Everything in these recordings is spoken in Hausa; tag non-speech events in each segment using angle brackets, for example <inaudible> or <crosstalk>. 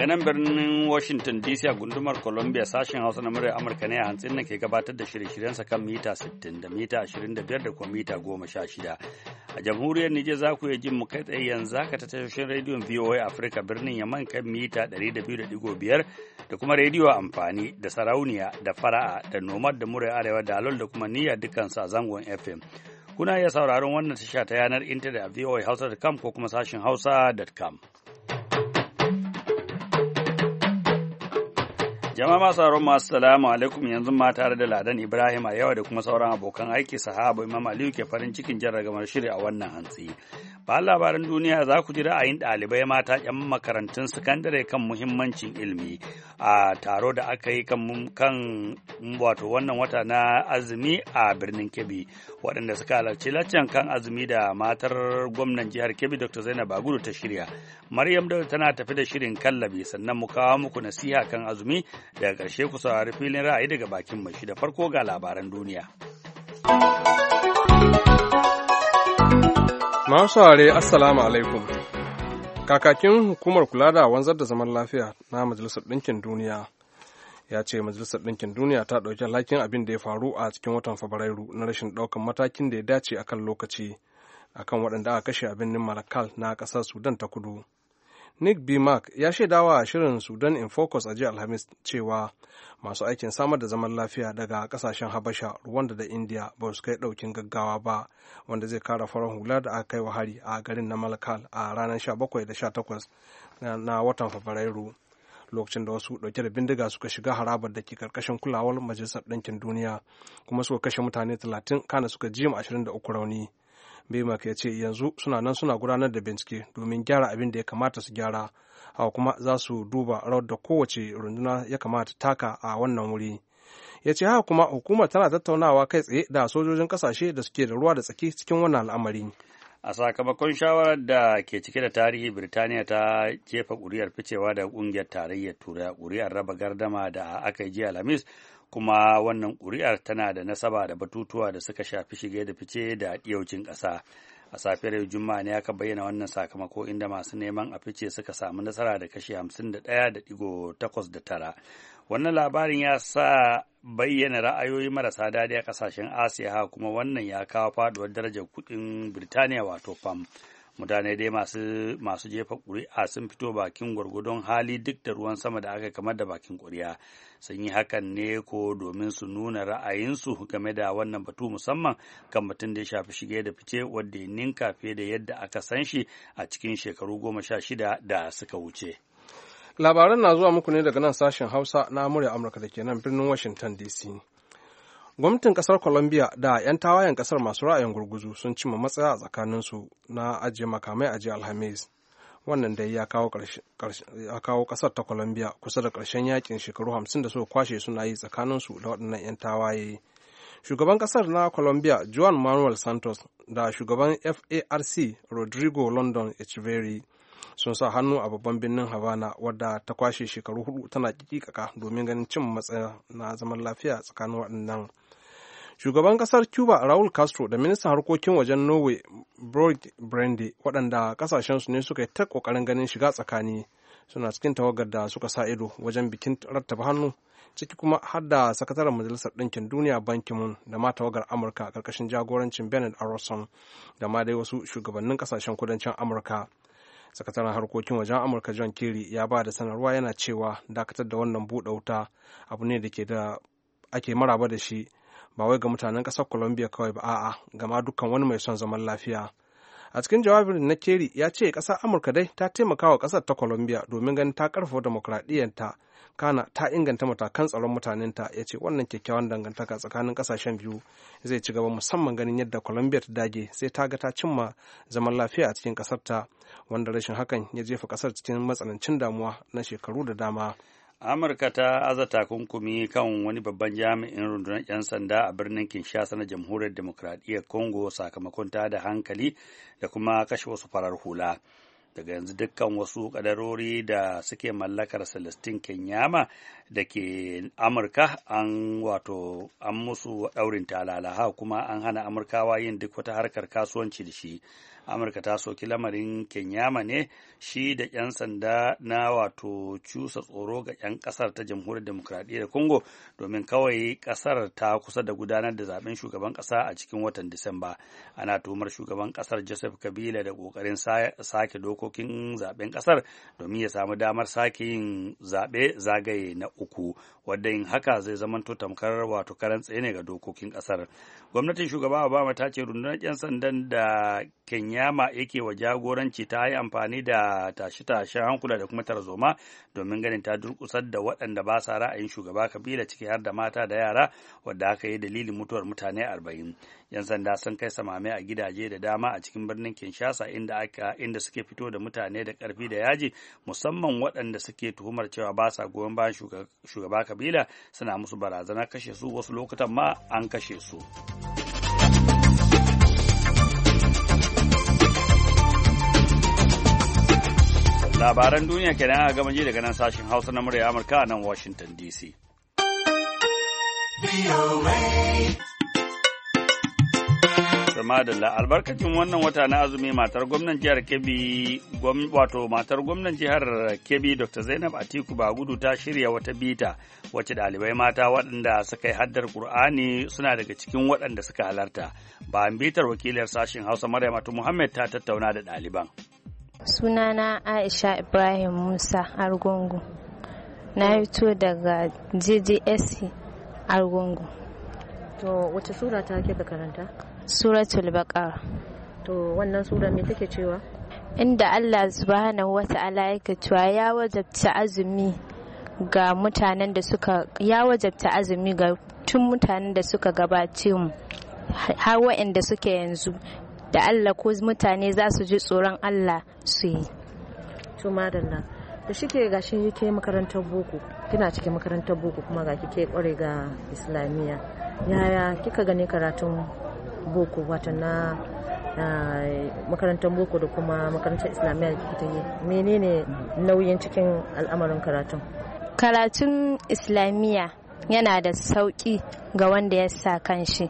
Daga nan birnin Washington DC a gundumar Columbia sashen Hausa na muryar Amurka ne a hantsin na ke gabatar da shirye-shiryensa kan mita 60 da mita 25 da kuma mita 16. A jamhuriyar Nijar za ku iya jin mu kai tsaye yanzu zaka ta tashoshin rediyon VOA Africa birnin Yaman kan mita 200.5 da kuma rediyo amfani da sarauniya da fara'a da nomad da muryar arewa da alol da kuma niyyar dukansa a zangon FM. Kuna iya sauraron wannan tasha ta yanar intanet a voahausa.com ko kuma sashen hausa.com. Jama'a masu masu salamu alaikum yanzu ma tare da Ladan Ibrahim a yawa da kuma sauran abokan aiki sahaba Imam Aliyu ke farin cikin jan ragamar shiri a wannan hantsi. Ba labaran duniya za ku ji ra'ayin ɗalibai mata 'yan makarantun sakandare kan muhimmancin ilimi a taro da aka yi kan wato wannan wata na azumi a birnin Kebbi waɗanda suka halarci laccen kan azumi da matar gwamnan jihar Kebbi Dr. Zainab Bagudu ta shirya. Maryam Dauda tana tafi da shirin kallabi sannan mu kawo muku nasiha kan azumi daga ƙarshe ku saurari filin ra'ayi daga bakin mashi da farko ga labaran duniya. Masuware Assalamu alaikum. Kakakin hukumar kula da wanzar da zaman lafiya na Majalisar Ɗinkin Duniya ya ce majalisar ɗinkin duniya ta ɗauki alhakin abin da ya faru a cikin watan fabrairu na rashin ɗaukan matakin da ya dace a kan lokaci a kan waɗanda aka kashe a birnin malakal na ƙasar sudan ta kudu nick b mark ya shaidawa a shirin sudan in focus a jiya alhamis cewa masu aikin samar da zaman lafiya daga ƙasashen habasha rwanda da india ba su kai ɗaukin gaggawa ba wanda zai kara farar hula da aka kai wa hari a garin na malakal a ranar 17 da 18 na watan fabrairu lokacin da wasu dauke da bindiga suka shiga harabar da ke karkashin kulawar majalisar ɗinkin duniya kuma suka kashe mutane 30 kana suka jima 23 rauni bemak ya ce yanzu suna nan suna gudanar da bincike domin gyara abin da ya kamata su gyara hawa kuma za su duba rawar da kowace runduna ya kamata taka a wannan wuri ya ce haka kuma hukumar tana tattaunawa kai tsaye da sojojin kasashe da suke da ruwa da tsaki cikin wannan al'amari a sakamakon shawarar da ke cike da tarihi birtaniya ta jefa kuri'ar ficewa da ƙungiyar tarayyar turai kuri'ar raba gardama da aka yi jiya alhamis kuma wannan ƙuri'ar tana da nasaba da batutuwa da suka shafi shige da fice da diyaucin ƙasa a safiyar yau juma'a ne aka bayyana wannan sakamako inda masu neman a fice suka samu nasara da kashi tara. wannan labarin ya sa bayyana ra'ayoyi marasa daɗi a ƙasashen asiya kuma wannan ya kawo faɗuwar darajar kuɗin birtaniya wato fam mutane dai masu jefa ƙuri'a sun fito bakin gwargwadon hali duk da ruwan sama da aka kamar da bakin ƙuri'a sun yi hakan ne ko domin su nuna ra'ayinsu game da wannan batu musamman kan batun da ya shafi shige da fice wadda ya ninka fiye da yadda aka san shi a cikin shekaru goma sha shida da suka wuce. Labaran na zuwa muku ne daga nan sashen Hausa na murya Amurka da ke nan birnin Washington DC. Gwamnatin ƙasar Colombia da 'yan tawayen ƙasar masu ra'ayin gurguzu sun cimma matsaya a tsakaninsu na ajiye makamai a jiya Alhamis. Wannan dai ya kawo ƙasar ta Colombia kusa da ƙarshen yakin shekaru hamsin da suka kwashe suna yi tsakaninsu da waɗannan 'yan tawaye. Shugaban ƙasar na Colombia Juan Manuel Santos da shugaban FARC Rodrigo London Echeverry sun sa hannu a babban birnin havana wadda ta kwashe shekaru hudu tana kikikaka domin ganin cin matsaya na zaman lafiya tsakanin waɗannan shugaban kasar cuba raul castro da ministan harkokin wajen norway brog brande waɗanda kasashensu ne suka yi ta ƙoƙarin ganin shiga tsakani suna cikin tawagar da suka sa ido wajen bikin rattaba hannu ciki kuma har da sakataren majalisar ɗinkin duniya bankin mun da ma tawagar amurka ƙarƙashin jagorancin bernard arrowson da ma dai wasu shugabannin ƙasashen kudancin amurka sakataren harkokin wajen amurka john kerry ya ba da sanarwa yana cewa dakatar da wannan buɗe wuta abu ne da ke da ake maraba da shi ba wai ga mutanen ƙasar colombia kawai ba a'a gama dukkan wani mai son zaman lafiya a cikin jawabin na keri ya ce ƙasar amurka dai ta taimaka wa ƙasar ta colombia domin ganin ta ƙarfafa demokradiyyarta kana ta inganta matakan tsaron mutanenta ya ce wannan kyakkyawan dangantaka tsakanin ƙasashen biyu zai ci gaba musamman ganin yadda colombia ta dage sai ta ga ta cimma zaman lafiya a cikin ƙasarta wanda rashin hakan ya jefa ƙasar cikin matsanancin damuwa na shekaru da dama amurka ta aza takunkumi kan wani babban jami'in rundunar 'yan sanda a birnin kinshasa na jamhuriyar demokradiyyar congo sakamakon ta da hankali da kuma kashe wasu farar hula daga yanzu dukkan wasu kadarori da suke mallakar celestin kenyama da ke amurka an wato an musu daurin talala kuma an hana amurkawa yin duk wata harkar kasuwanci da shi amurka ta soki lamarin kenyama ne shi da 'yan sanda na wato cusa tsoro ga 'yan kasar ta jamhuriyar demokradiyyar congo domin kawai kasar ta kusa da gudanar da zaben shugaban kasa a cikin watan disamba ana tuhumar shugaban kasar joseph kabila da kokarin sake dokokin zaben kasar domin ya samu damar sake yin zaɓe zagaye na uku wadda yin haka zai zamanto tamkar wato karan tsaye ne ga dokokin kasar gwamnatin shugaba obama ta ce rundunar 'yan sandan da kenya Nyama yake wa jagoranci ta yi amfani da tashe-tashen hankula da kuma tarzoma domin ganin ta durkusar da waɗanda ba sa ra'ayin shugaba kabila ciki har da mata da yara wadda aka yi dalilin mutuwar mutane arba'in. 'Yan sanda sun kai samame a gidaje da dama a cikin birnin Kinshasa inda inda suke fito da mutane da ƙarfi da yaji musamman waɗanda suke tuhumar cewa ba sa goyon bayan shugaba kabila suna musu barazana kashe su wasu lokutan ma an kashe su. labaran duniya kenan a gama ji daga nan sashen hausa na murya amurka a nan washington dc Madalla albarkacin wannan wata na azumi matar gwamnan jihar Kebbi wato matar gwamnan jihar Kebbi Dr. Zainab Atiku Bagudu ta shirya wata bita wacce ɗalibai mata waɗanda suka yi haddar Kur'ani suna daga cikin waɗanda suka halarta. Bayan bitar wakilar sashen Hausa Maryam Muhammad ta tattauna da ɗaliban. Sunana Aisha Ibrahim Musa Argungu. Na fito daga JJS Argungu. To wace sura ta ke karanta? sura Baqara. To wannan sura me take cewa? Inda Allah subhanahu wa ta'ala yake ya wajabta azumi ga mutanen da suka ya wajabta azumi ga tun mutanen da suka gabace mu har waɗanda suke yanzu da Allah ko mutane za su ji tsoron Allah su yi. Tuma da da ke ga shi ke makarantar boko kina cikin makarantar boko kuma ga kike kware ga islamiyya yaya kika gani karatun boko wata na makarantar boko da kuma makarantar islamiyya da kike yi menene nauyin cikin al'amarin karatun karatun islamiyya yana da sauƙi ga wanda ya sa kanshi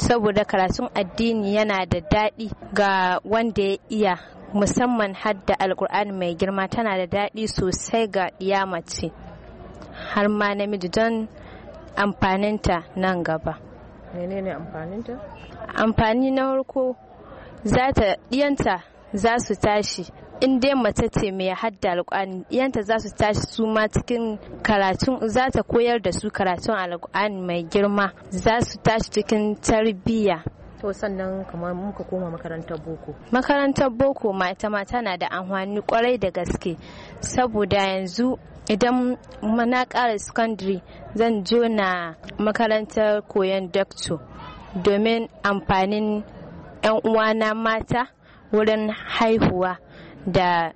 saboda karatun addini yana da daɗi ga wanda ya iya musamman hadda alkur'ani mai girma tana da daɗi sosai ga iya mace har ma namiji don amfaninta nan gaba menene amfaninta amfani na farko za ta ɗiyanta za su tashi in dai mace ce mai hadda alƙwani yanta za su tashi su ma cikin karatun za ta koyar da su karatun alƙwani mai girma za su tashi cikin tarbiyya to sannan kamar muka koma makarantar boko makarantar boko ma ita ma da amfani kwarai da gaske saboda yanzu idan na ƙara secondary zan je na makarantar koyon dokto domin amfanin 'yan uwana mata wurin haihuwa da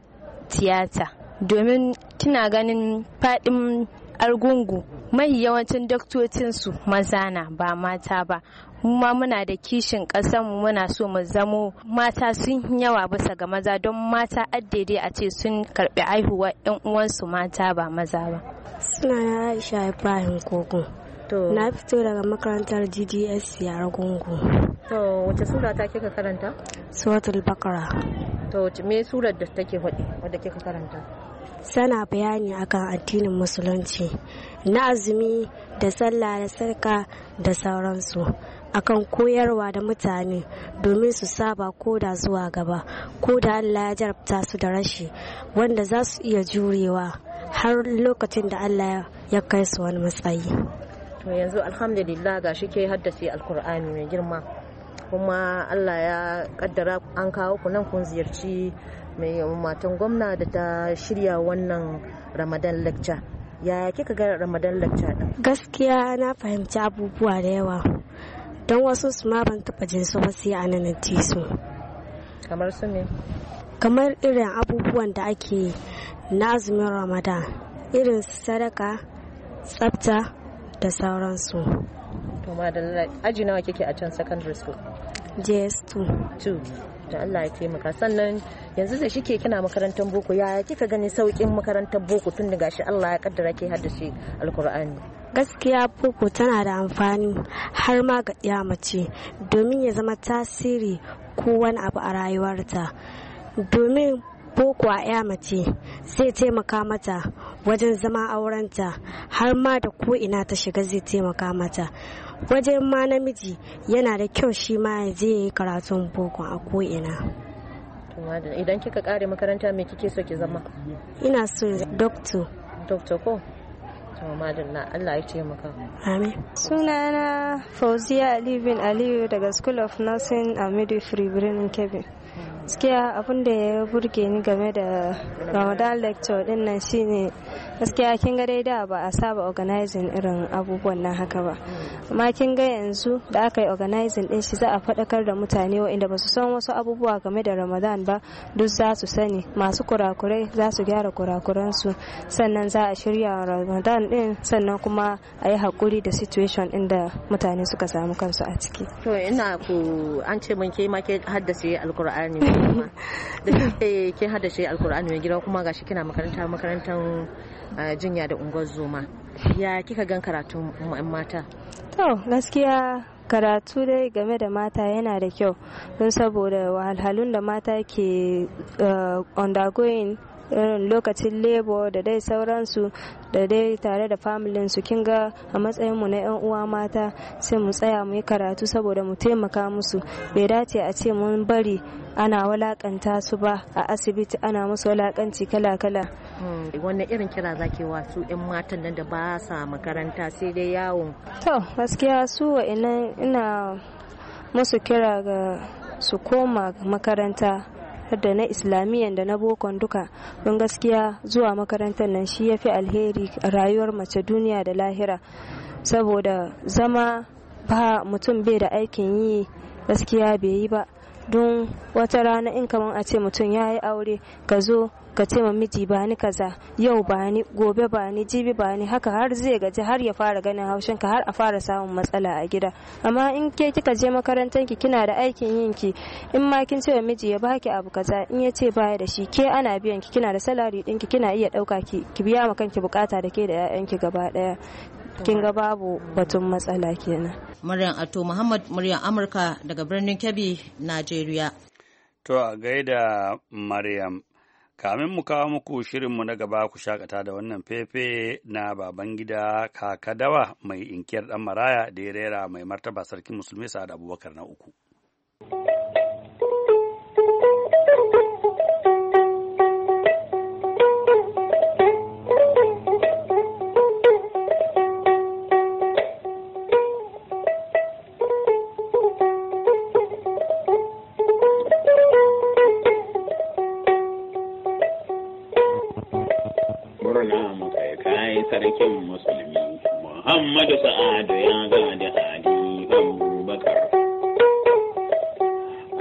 tiyata domin tuna ganin faɗin argungu mai yawancin daktocinsu maza na ba mata ba ma muna da kishin ƙasanmu muna so mu zamo mata sun yawa bisa ga maza don mata addede a ce sun karbi aihuwa yan uwansu mata ba maza ba suna na aisha ibrahim kogo na fito daga makarantar gds yara gungu to wace sura ta ka karanta suwatul bakara to me surar da take faɗi wadda kika karanta sana bayani akan addinin musulunci na azumi da sallah da sarka da sauransu akan koyarwa da mutane domin su saba ko da zuwa gaba ko da Allah ya jarabta su da rashi wanda za su iya jurewa har lokacin da Allah ya kai su wani matsayi. yanzu alhamdulillah ga shi ke haddace alkur'ani mai girma. kuma allah ya kaddara an kawo ku nan kun ziyarci mai matan gwamna da ta shirya wannan ramadan lecture ya kika gara ramadan lecture din gaskiya na fahimci abubuwa da yawa don wasu su ma ban taba jin su sai a nan su kamar su ne kamar irin abubuwan da ake na azumin ramadan irin sadaka tsafta da sauransu to madalla aji nawa kike a can secondary school js2 da Allah ya taimaka sannan yanzu da shike kina makarantar boko yaya kika gani saukin makarantar boko tun da gashi Allah ya kaddara ke haddace alkur'ani gaskiya boko tana da amfani har ma ga mace domin ya zama tasiri ko wani abu a rayuwarta domin boko a ya mace zai taimaka mata wajen zama aurenta har ma da ko ina ta shiga zai taimaka mata wajen ma namiji yana da kyau shi ma ya je yi karatun boko a ko'ina idan kika kare makaranta me kike so ki zama ina so doctor doctor ko madalla Allah ya taimaka. Amin. na Fauziya Aliyu bin Aliyu daga School of Nursing a Midwifery Birnin Kebbi. gaskiya abin da ya burge ni game da ramadan lecture din nan shine gaskiya kin ga dai da ba a saba organizing irin abubuwan nan haka ba amma kin ga yanzu da aka yi organizing din shi za a faɗakar da mutane waɗanda ba su san wasu abubuwa game da ramadan ba duk za su sani masu kurakurai za su gyara kurakuransu sannan za a shirya ramadan din sannan kuma a yi haƙuri da situation din da mutane suka samu kansu a ciki to ina ku an ce mun ke ma ke haddace alkur'ani <laughs> da ke eh, haddace alkur'ani mai gida kuma gashi kina makarantar makarantar jinya da unguwar zoma ya kika gan karatu mata to gaskiya karatu dai game da mata yana da kyau don saboda wahalhalun da mata ke eh, undergoing irin lokacin lebo da dai sauransu da dai tare da familin su kin ga a matsayin mu na yan uwa mata sai mu tsaya mu yi karatu saboda mu taimaka musu bai dace a ce mun bari ana walakanta su ba a asibiti ana musu walakanci kala-kala hmm, wannan irin kira zake wa su 'yan matan nan da ba sa makaranta sai dai yawon to gaskiya su wa'ina ina musu kira ga su koma makaranta da na islamiyan da na bokon duka don gaskiya zuwa makarantar nan shi ya fi alheri rayuwar mace duniya da lahira saboda zama ba mutum bai da aikin yi gaskiya bai yi ba don wata rana in kamar a ce mutum ya yi aure ka zo ka ce ma miji ba ni kaza yau ba ni gobe ba ni jibi ba ni haka har zai gaji har ya fara ganin haushin ka har a fara samun matsala a gida amma in ke kika je makarantar ki kina da aikin yin ki in ma kin ce wa miji ya baki abu kaza in ya ce baya da shi ke ana biyan ki kina da salari din ki kina iya dauka ki ki biya ma kanki bukata da ke da 'ya'yanki gaba daya kin ga babu batun matsala kenan Maryam Ato Muhammad Maryam Amurka daga birnin Kebbi Najeriya to a gaida Maryam kamin mu kawo muku shirinmu na gaba ku shakata da wannan fefe na Babangida, gida kakadawa mai inkiyar ɗan maraya da ya rera mai martaba sarkin musulmi sa'ad abubakar na uku. murna mu kai kai sarkin musulmi Muhammadu Sa'adu ya gadi halifan Bakar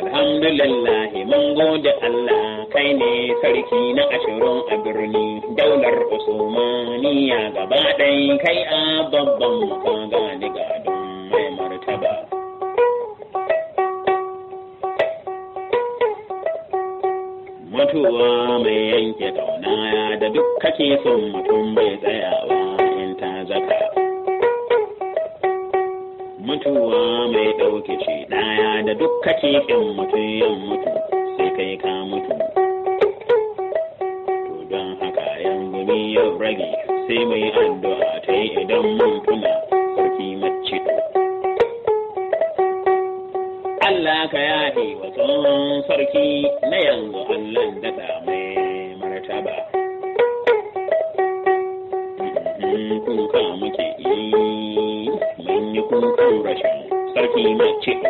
alhamdulillahi mun gode Allah kai ne sarki na ashirin a birni daular Usmaniya gaba ɗai kai a babban maka gadi gadon Mutuwa mai yanke duk kake so mutum bai tsayawa in ta zaka mutuwa mai ɗauke ce ɗaya da duk kake in mutum yan mutu sai kai ka mutu to don haka yan gumi yau rage sai mai Mimi Chi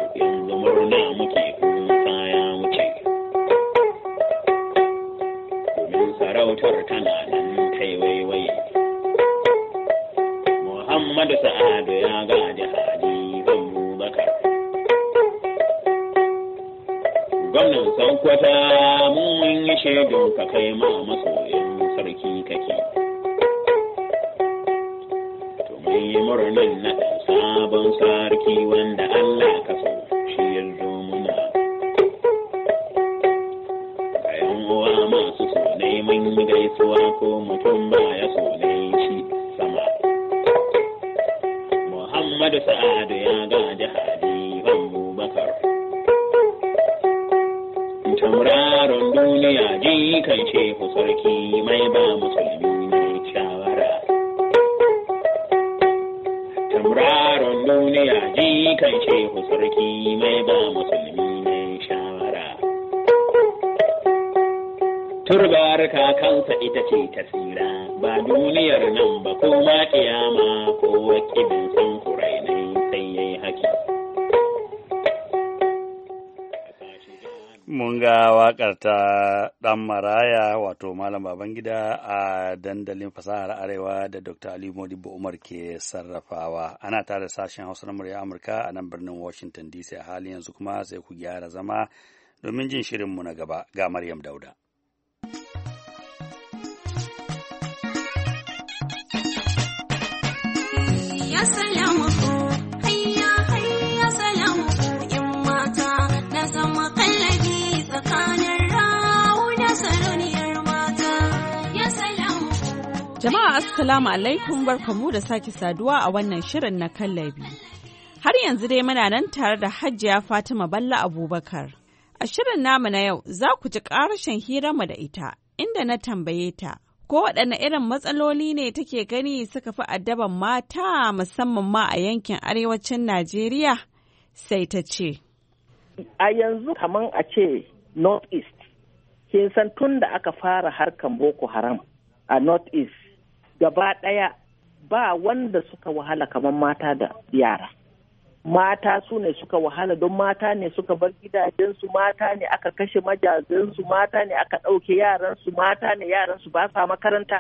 duniya kan ce ku sarki mai ba musulmi ne shawara. Tamraron duniya ji kan ce ku sarki mai ba musulmi ne shawara. Turbar kakansa ita ce tasira ba duniyar nan ba ko ma kiyama ko wakil Malam Babangida a dandalin fasahar Arewa da Dr. Ali Modibo Umar ke sarrafawa. Ana tare sashen Hausa na murya Amurka a nan birnin Washington DC a halin yanzu kuma sai ku gyara zama domin jin shirinmu na gaba ga Maryam Dauda. Assalamu alaikum barkamu da sake saduwa a wannan shirin na kallabi. Har yanzu dai muna nan tare da Hajiya Fatima Balla Abubakar. A shirin namu na yau za ku ji ƙarashin hiranmu da ita inda na tambaye ta ko waɗanne irin matsaloli ne take gani suka fi addaban mata musamman ma a yankin arewacin Najeriya sai ta ce. A yanzu kaman a ce North East, kin san tun da aka fara harkan Boko Haram a North East gaba ɗaya ba wanda suka wahala kamar mata da yara mata su ne suka wahala don mata ne suka bar gidajensu mata ne aka kashe majazinsu mata ne aka ɗauke yaransu mata ne yaransu ba sa makaranta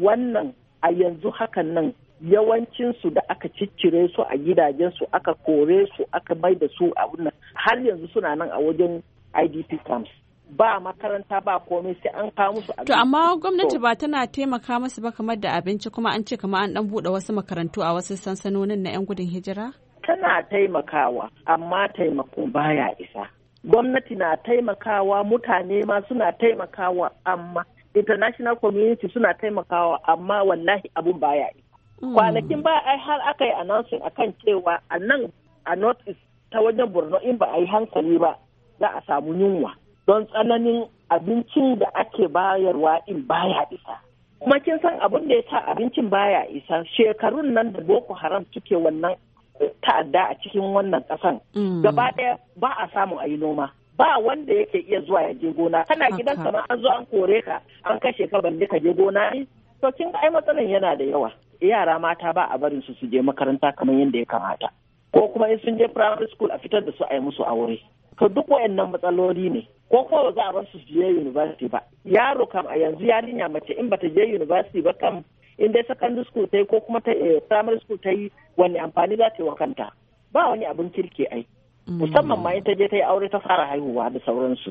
wannan a yanzu hakan nan yawancinsu da aka ciccire su a gidajensu aka kore su aka mai da su a wannan har yanzu suna nan a wajen idp camps ba makaranta ba komai sai an kawo musu abinci. To amma gwamnati ba tana taimaka musu ba kamar da abinci kuma an ce kamar an dan bude wasu makarantu a wasu sansanonin na 'yan gudun hijira? Tana taimakawa amma taimako baya isa. Gwamnati na taimakawa mutane ma suna taimakawa amma international community suna taimakawa amma wallahi abun baya isa. Mm. Kwanakin ba ai har aka yi announcing akan cewa a nan a North East ta wajen Borno in ba a yi hankali ba za a samu yunwa. don tsananin abincin da ake bayarwa in baya isa kuma kin san abin da ya sa abincin baya isa shekarun nan da boko haram suke wannan ta'adda a cikin wannan kasan mm. gaba ɗaya ba a samu a yi noma ba wanda yake iya zuwa ya je gona kana gidan sama an zo an kore ka an kashe ka balle ka je gona ne to kin ga ai matsalan yana da yawa yara mata ba a barin su su je makaranta kamar yadda ya kamata ko kuma in sun je primary school a fitar da su a yi musu aure to duk wayannan matsaloli ne ko ko za a bar su je university ba yaro kam a yanzu yarinya mace in bata je university ba kam in dai secondary school ta yi ko kuma ta eh, primary school ta yi wani amfani za ta yi wa kanta ba wani abin kirki ai mm. musamman ma in ta je ta yi aure ta fara haihuwa da sauransu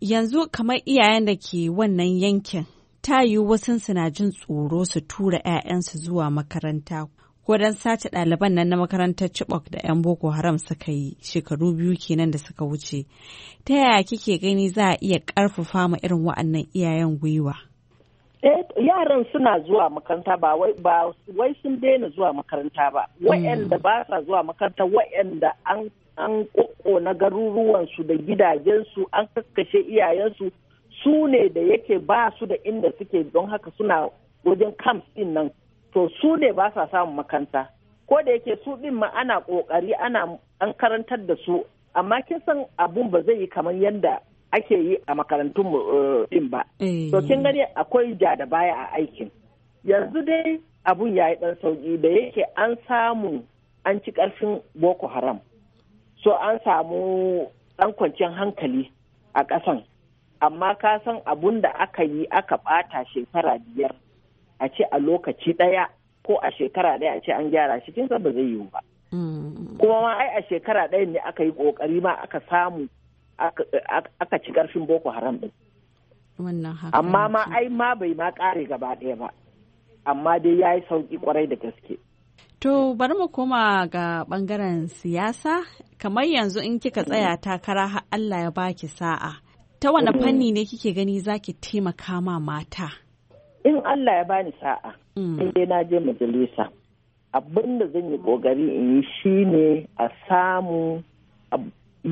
yanzu kamar iyayen da ke wannan yankin ta yi wasu suna jin tsoro su tura 'ya'yansu zuwa makaranta ko don sace ɗaliban nan na makarantar Chibok da 'yan Boko Haram suka yi shekaru biyu kenan da suka wuce. Ta yaya kike gani za a iya ƙarfafa ma irin wa'annan iyayen gwiwa? Eh, yaran suna zuwa makaranta ba wai sun daina zuwa makaranta ba mm. Wa'yanda ba sa zuwa makaranta wa'yanda an an na garuruwansu da gidajensu an kakkashe iyayensu su ne da yake ba su da inda suke don haka suna wajen kamps din nan to su ne ba sa samun makanta ko da yake su din ma ana kokari ana an karantar da su amma kin san abun ba zai yi kamar yadda ake yi a makarantun mu eh, din ba eh. to kin gani akwai ja da baya a aikin yanzu dai abun ya yi dan sauki da yake an samu an ci karfin boko haram so an samu dan kwanciyar hankali a ƙasan amma ka san abun da aka yi aka ɓata shekara biyar a ce a lokaci ɗaya ko a shekara ɗaya a ce an gyara shi kin san ba zai yiwu ba mm. kuma ma ai a shekara ɗaya ne aka yi ƙoƙari ma aka samu aka ci ƙarfin boko haram ɗin amma ma ai ma bai ma ƙare gaba ɗaya ba amma dai ya yi sauƙi ƙwarai da gaske To bari mu koma ga ɓangaren siyasa, kamar yanzu in kika tsaya mm. takara har Allah ya baki sa'a. Ta wane mm. fanni ne kike gani zaki taimaka ma mata? in Allah ya bani sa'a mm. in dai na je majalisa abin da zan yi kokari in yi shine a samu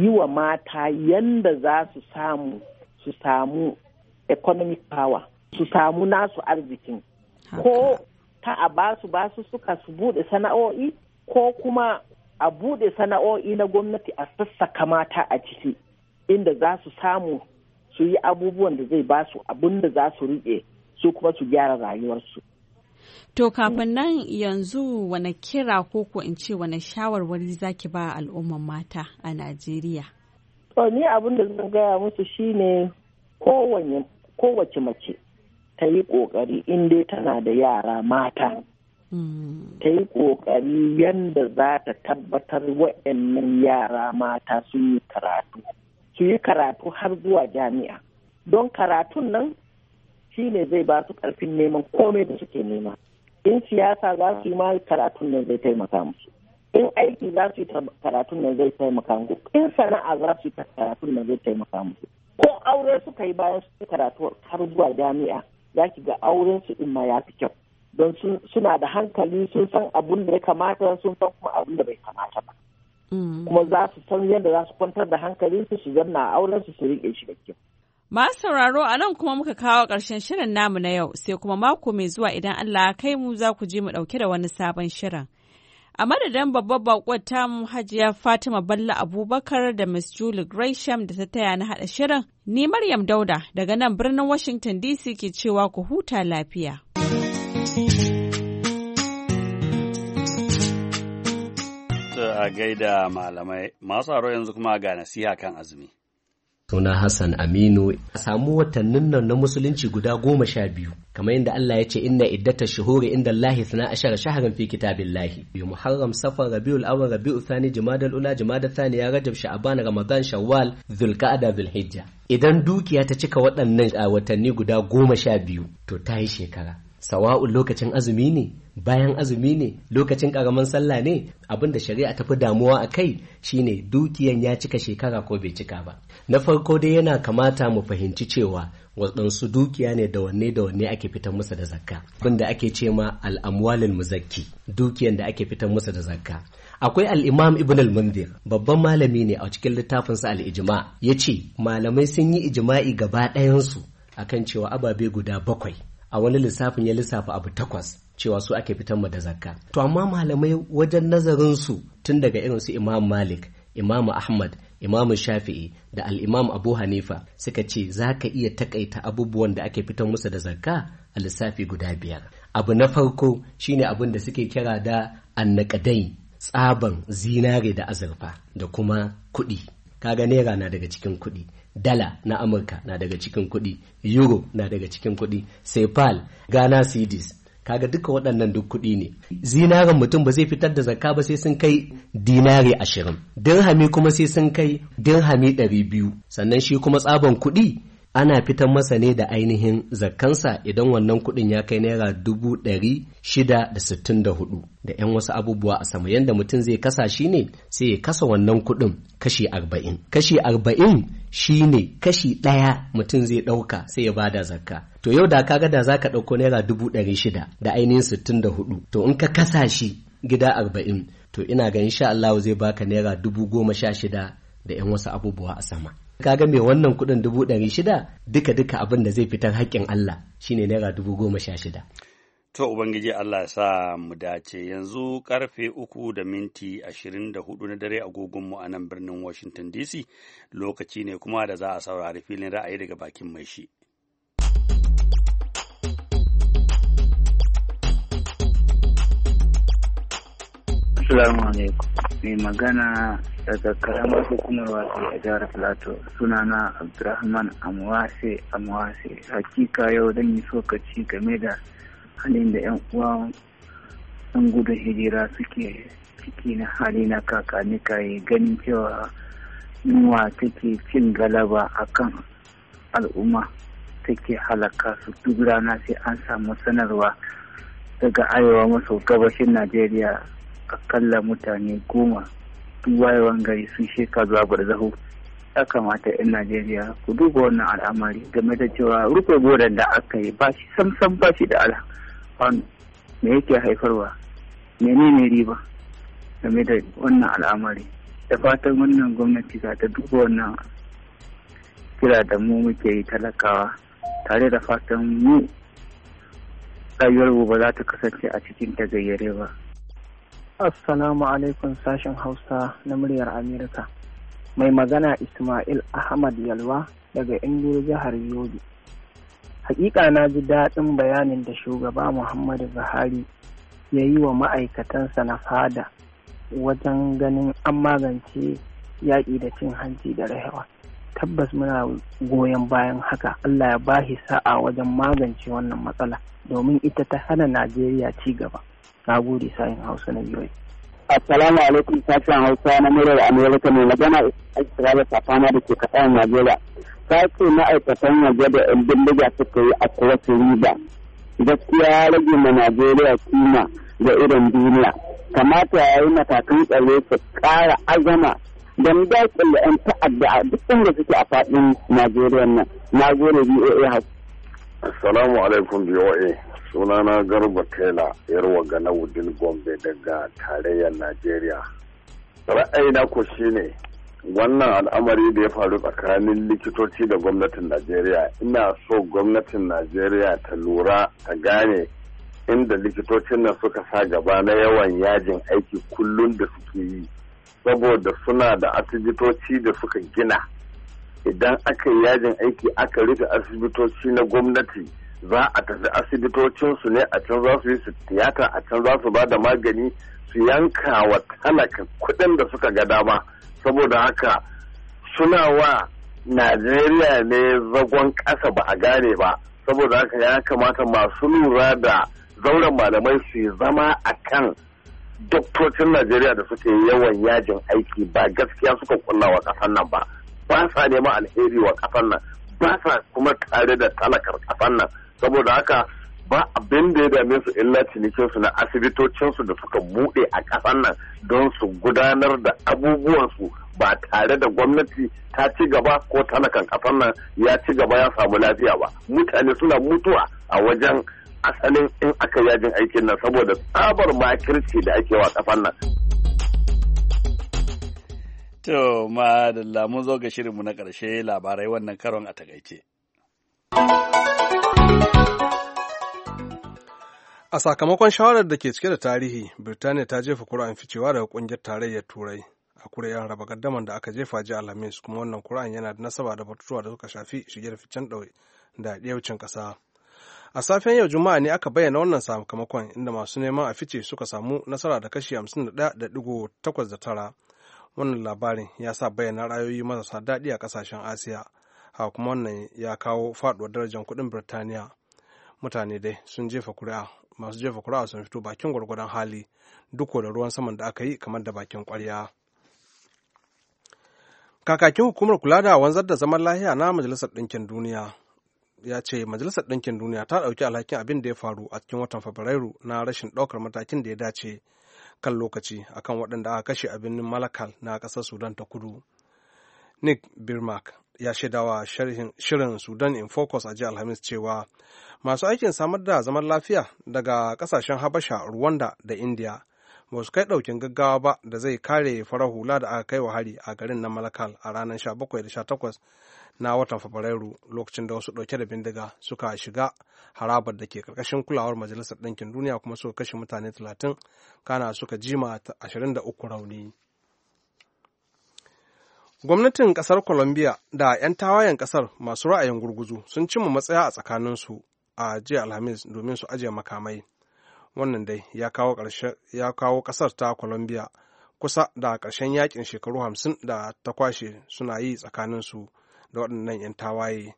yi wa mata yanda za su samu su samu economic power su samu nasu arzikin ko ta a basu basu suka su bude sana'o'i ko kuma a bude sana'o'i na gwamnati a sassaka mata a ciki inda za su samu su yi abubuwan da zai basu abin da za su riƙe su kuma su gyara rayuwarsu. To kafin nan yanzu wane kira ko ko in ce wane shawarwari zaki ba al'umman mata a Najeriya? To ni abin da zan gaya musu shine kowace mace ta yi ƙoƙari in dai tana da yara mata. Mm. Ta yi ƙoƙari yadda za ta tabbatar waɗannan yara mata sun yi karatu. Su yi karatu har zuwa jami'a. Don karatun nan shi ne zai ba su karfin neman komai da suke nema in siyasa za su yi ma karatun nan zai taimaka musu in aiki za su yi karatun nan zai taimaka musu in sana'a za su yi karatun nan zai taimaka musu ko aure suka yi bayan su karatu har zuwa jami'a za ki ga auren su in ma ya fi kyau don suna da hankali sun san abun da ya kamata sun san kuma abun da bai kamata ba mm. kuma za su san yadda za su kwantar da hankali su su zanna auren su su riƙe shi da kyau Masu sauraro a nan kuma muka kawo ƙarshen shirin namu na yau sai kuma mako mai zuwa idan Allah kai mu za ku je mu ɗauke da wani sabon shirin. A madadin babbar baƙon mu hajiya Fatima Bello Abubakar da Miss Julie Gresham da ta taya na haɗa shirin, ni Maryam Dauda daga nan birnin Washington DC ke cewa ku huta lafiya. A gaida malamai, masu yanzu kuma ga nasiha kan azumi. suna Hassan Aminu a samu watannin nan na musulunci guda goma sha biyu kamar yadda Allah ya ce inna iddata shuhuri inda Allahi suna ashara shaharin fi kitabillahi bi Muharram Safar Rabiul Awwal Rabiu Sani, Jumadal Ula Jumadal Sani ya Rajab Sha'ban Ramadan Shawwal Zulka'ada, Zulhijja. idan dukiya ta cika waɗannan watanni guda goma sha biyu to ta yi shekara sawa'un lokacin azumi ne bayan azumi ne lokacin karaman sallah ne abin da shari'a tafi damuwa a kai shine dukiyan ya cika shekara ko bai cika ba na farko dai yana kamata mu fahimci cewa waɗansu dukiya ne da wanne da wanne ake fitar musu da zakka abin da ake ce ma al'amwalin muzakki dukiyan da ake fitar musu da zakka akwai al'imam ibn al-mundir babban malami ne a cikin littafinsa al-ijma ya ce malamai sun yi ijma'i gaba ɗayansu akan cewa ababe guda bakwai a wani lissafin ya lissafa abu takwas cewa su ake fitar mu da zakka to amma malamai wajen nazarin su tun daga irin su imam malik imam ahmad imam shafi'i da al-imam abu hanifa suka ce za ka iya takaita abubuwan da ake fitar musu da zakka a lissafi guda biyar abu na farko shine abin da suke kira da annakadai tsaban zinare da azurfa da kuma kuɗi Ka ga naira na daga cikin kuɗi dala na amurka na daga cikin kuɗi euro na daga cikin kuɗi sepal ghana cedis kaga duka waɗannan duk kuɗi ne zinarin mutum ba zai fitar da zakka ba sai sun kai dinari ashirin dirhami kuma sai sun kai dirhami ɗari biyu sannan shi kuma tsaban kuɗi ana fitan masa ne da ainihin zakkansa idan wannan kuɗin ya kai naira dubu ɗari shida da sittin da hudu da 'yan wasu abubuwa a sama yadda mutum zai kasa shi ne sai ya kasa wannan kuɗin kashi arba'in kashi arba'in shi ne kashi ɗaya mutum zai ɗauka sai ya bada zakka to yau da ka da za ka ɗauko naira dubu ɗari shida da ainihin sittin da hudu to in ka kasa shi gida arba'in to ina ga insha Allah zai baka naira dubu goma sha shida da 'yan wasu abubuwa a sama kaga mai wannan kuɗin dubu ɗari shida duka duka abin da zai fitar haƙƙin Allah shine naira dubu goma sha shida. To Ubangiji Allah ya sa mu dace yanzu karfe uku da minti ashirin da hudu na dare agogonmu a nan birnin Washington DC lokaci ne kuma da za a saurari filin ra'ayi daga bakin mai shi. Assalamu alaikum. Mai magana daga karamar hukumar wasu a jihar Filato sunana Abdurrahman Amwase Amwase. Hakika yau zan yi sokaci game da halin da 'yan uwa gudun hijira suke ciki na hali na ka yi ganin cewa yunwa take cin galaba akan al'umma take halaka su duk rana sai an samu sanarwa daga arewa maso gabashin Najeriya akalla mutane goma duk wayewan gari sun sheka zuwa barzahu ya kamata 'yan najeriya ku duba wannan al'amari game da cewa rufe goron da aka yi ba shi samsam ba shi da alfanu me yake haifarwa menene riba game da wannan al'amari da fatan wannan gwamnati za ta duba wannan kira da mu muke yi talakawa tare da fatan mu rayuwar ba za ta kasance a cikin tagayyare ba Assalamu alaikum sashen Hausa na muryar Amerika. Mai magana Ismail Ahmad Yalwa daga Ingil jihar Yobe. Hakika na ji daɗin bayanin da shugaba Muhammadu Buhari ya yi wa ma'aikatansa na fada wajen ganin an magance yaƙi da cin hanci da rahewa. Tabbas muna goyon bayan haka Allah ya bahi sa'a wajen magance wannan matsala domin ita ta hana Najeriya ci gaba. na gode sa'in hausa na biyu assalamu alaikum sashen hausa na murar amurka mai magana ta safana da ke kasar najeriya ta ce ma'aikatan waje da yan bindiga suka yi a kowace riba gaskiya rage ma najeriya kima da irin duniya kamata ya yi matakan tsaro su ƙara azama don daƙin da 'yan ta'adda a duk inda suke a faɗin Najeriya nan. Na gode BOA Assalamu alaikum BOA. sunana garba tela yarwa ga wudil gombe daga tarayyar najeriya ra'ayina ku shine wannan al'amari da ya faru tsakanin likitoci da gwamnatin najeriya ina so gwamnatin najeriya ta lura ta gane inda likitocin nan suka sa gaba na yawan yajin aiki kullum da suke yi saboda suna da asibitoci da suka gina idan aka yi yajin aiki aka rufe asibitoci na gwamnati za a tafi asibitocinsu ne a can za su yi su tiyata a can za su ba da magani su yanka wa talaka kuɗin da suka ga dama saboda haka suna wa najeriya ne zagon ƙasa ba a gane ba saboda haka ya kamata masu lura da zauren malamai su yi zama a kan doktocin najeriya da suke yawan yajin aiki ba gaskiya suka kulla wa kasan nan ba ba sa neman alheri wa kasan nan ba sa kuma tare da talakar ƙasan nan saboda haka ba abin da ya dame su illa cinikinsu na asibitocinsu da suka buɗe a ƙasar nan don su gudanar da abubuwansu ba tare da gwamnati ta ci gaba ko talakan ƙasar nan ya ci gaba ya samu lafiya ba mutane suna mutuwa a wajen asalin in aka yajin aikin nan saboda tsabar makirci da ake wa ƙasar nan. To, ma da mun zo ga shirinmu na karshe labarai wannan karon a takaice. A sakamakon shawarar da ke cike da tarihi, Birtaniya ta jefa kuri'an ficewa daga kungiyar tarayyar Turai a kuri'an raba gardaman da aka jefa ji Alhamis kuma wannan kuri'an yana da nasaba da batutuwa da suka shafi shige da ficen da ɗiyaucin ƙasa. A safiyan yau Juma'a ne aka bayyana wannan sakamakon inda masu neman a fice suka samu nasara da kashi da tara, Wannan labarin ya sa bayyana ra'ayoyi marasa daɗi a ƙasashen Asiya. Haka kuma wannan ya kawo faɗuwar darajar kuɗin Birtaniya. Mutane dai sun jefa kuri'a masu jefa kuri'a sun fito bakin gwargwadon hali duk da ruwan saman da aka yi kamar da bakin kwarya. Kakakin hukumar kula da wanzar da zaman lahiya na Majalisar Ɗinkin Duniya ya ce Majalisar Ɗinkin Duniya ta ɗauki alhakin abin da ya faru a cikin watan Fabrairu na rashin ɗaukar matakin da ya dace kan lokaci akan waɗanda aka kashe a birnin Malakal na ƙasar Sudan ta kudu. Nick Birmak ya shaidawa shirin Sudan in Focus a ji Alhamis cewa masu aikin samar da zaman lafiya daga kasashen Habasha, Rwanda da India ba su kai daukin gaggawa ba da zai kare farar hula da aka kai wa hari a garin na Malakal a ranar 17 da 18 na watan Fabrairu lokacin da wasu dauke da bindiga suka shiga harabar da ke karkashin kulawar Majalisar Ɗinkin Duniya kuma suka kashe mutane 30 kana suka jima 23 rauni. Gwamnatin ƙasar Colombia da 'yan tawayen ƙasar masu ra'ayin gurguzu sun cimma matsaya a tsakaninsu a jiya Alhamis domin su ajiye makamai. Wannan dai ya kawo ƙasar ta Colombia kusa da ƙarshen yakin shekaru hamsin da ta kwashe suna yi tsakaninsu da waɗannan 'yan tawaye.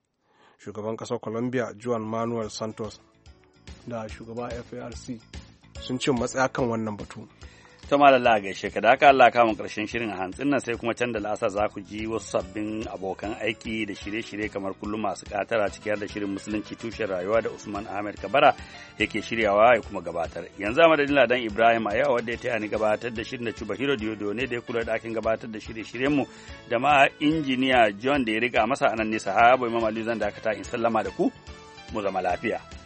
Shugaban ƙasar Colombia Juan Manuel Santos da shugaba frc sun cimma matsaya kan wannan batu. to malala a gaishe ka da Allah kama karshen shirin a hantsin nan sai kuma can da la'asar za ku ji wasu sabbin abokan aiki da shirye-shirye kamar kullum masu katara ciki da shirin musulunci tushen rayuwa da Usman Ahmed Kabara yake shiryawa ya kuma gabatar yanzu a madadin Ladan Ibrahim a wanda wadda ya taya ni gabatar da shirin da Cuba Hiro yodo ne da ya kula da akin gabatar da shirye shiryenmu da ma injiniya John da ya riga masa anan ne sahaba Imam mamali zan dakata in sallama da ku mu zama lafiya